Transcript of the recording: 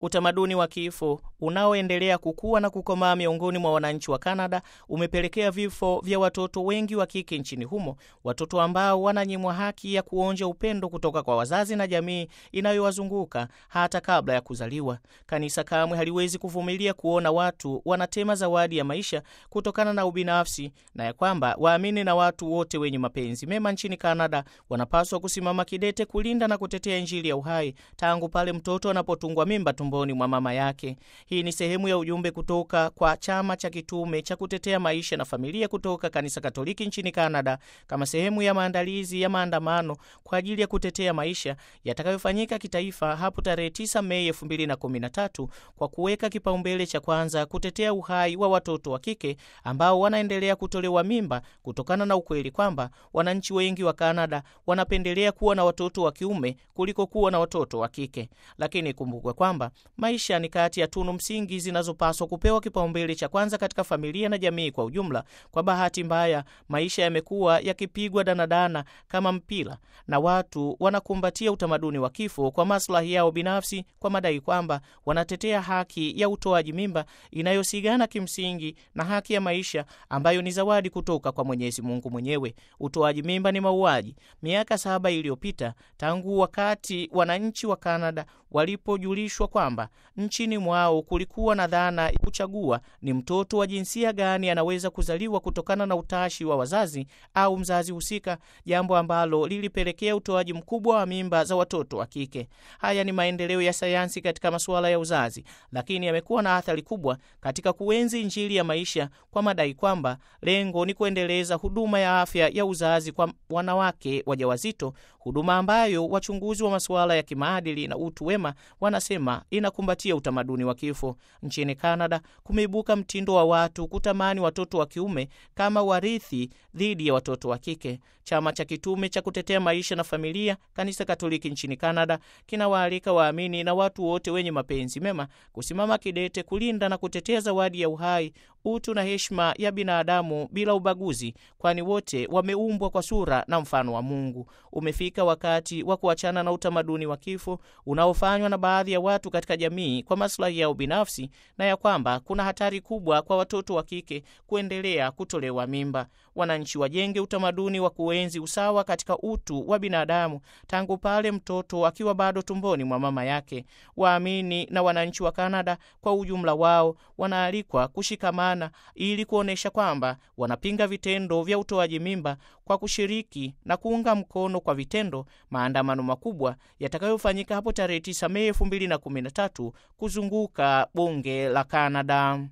Utamaduni wa kifo unaoendelea kukua na kukomaa miongoni mwa wananchi wa Kanada umepelekea vifo vya watoto wengi wa kike nchini humo, watoto ambao wananyimwa haki ya kuonja upendo kutoka kwa wazazi na jamii inayowazunguka hata kabla ya kuzaliwa. Kanisa kamwe haliwezi kuvumilia kuona watu wanatema zawadi ya maisha kutokana na ubinafsi, na ya kwamba waamini na watu wote wenye mapenzi mema nchini Kanada wanapaswa kusimama kidete kulinda na kutetea Injili ya uhai tangu pale mtoto anapotungwa mimba tumboni mwa mama yake. Hii ni sehemu ya ujumbe kutoka kwa chama cha kitume cha kutetea maisha na familia kutoka kanisa Katoliki nchini canada kama sehemu ya maandalizi ya maandamano kwa ajili ya kutetea maisha yatakayofanyika kitaifa hapo tarehe 9 Mei 2013 kwa kuweka kipaumbele cha kwanza kutetea uhai wa watoto wa kike ambao wanaendelea kutolewa mimba kutokana na ukweli kwamba wananchi wengi wa canada wanapendelea kuwa na watoto wa kiume kuliko kuwa na watoto wa kike. Lakini ikumbukwe kwamba maisha ni kati ya tunu msingi zinazopaswa kupewa kipaumbele cha kwanza katika familia na jamii kwa ujumla. Kwa bahati mbaya, maisha yamekuwa yakipigwa danadana kama mpira, na watu wanakumbatia utamaduni wa kifo kwa maslahi yao binafsi, kwa madai kwamba wanatetea haki ya utoaji mimba inayosigana kimsingi na haki ya maisha ambayo ni zawadi kutoka kwa Mwenyezi Mungu mwenyewe. Utoaji mimba ni mauaji. Miaka saba iliyopita tangu wakati wananchi wa Kanada walipojulishwa kwamba nchini mwao kulikuwa na dhana ya kuchagua ni mtoto wa jinsia gani anaweza kuzaliwa kutokana na utashi wa wazazi au mzazi husika, jambo ambalo lilipelekea utoaji mkubwa wa mimba za watoto wa kike. Haya ni maendeleo ya sayansi katika masuala ya uzazi, lakini yamekuwa na athari kubwa katika kuenzi Injili ya maisha kwa madai kwamba lengo ni kuendeleza huduma ya afya ya uzazi kwa wanawake wajawazito, huduma ambayo wachunguzi wa masuala ya kimaadili na utu Wema wanasema inakumbatia utamaduni wa kifo. Nchini canada kumeibuka mtindo wa watu kutamani watoto wa kiume kama warithi dhidi ya watoto wa kike. Chama cha kitume cha kutetea maisha na familia, kanisa Katoliki nchini canada kinawaalika waamini na watu wote wenye mapenzi mema kusimama kidete kulinda na kutetea zawadi ya uhai utu na heshima ya binadamu bila ubaguzi, kwani wote wameumbwa kwa sura na mfano wa Mungu. Umefika wakati wa kuachana na utamaduni wa kifo unaofanywa na baadhi ya watu katika jamii kwa maslahi yao binafsi, na ya kwamba kuna hatari kubwa kwa watoto wa kike kuendelea kutolewa mimba. Wananchi wajenge utamaduni wa kuenzi usawa katika utu wa binadamu tangu pale mtoto akiwa bado tumboni mwa mama yake. Waamini na wananchi wa Kanada kwa ujumla wao wanaalikwa kushikamana kuandamana ili kuonyesha kwamba wanapinga vitendo vya utoaji mimba kwa kushiriki na kuunga mkono kwa vitendo maandamano makubwa yatakayofanyika hapo tarehe 9 Mei 2013 kuzunguka bunge la Kanada.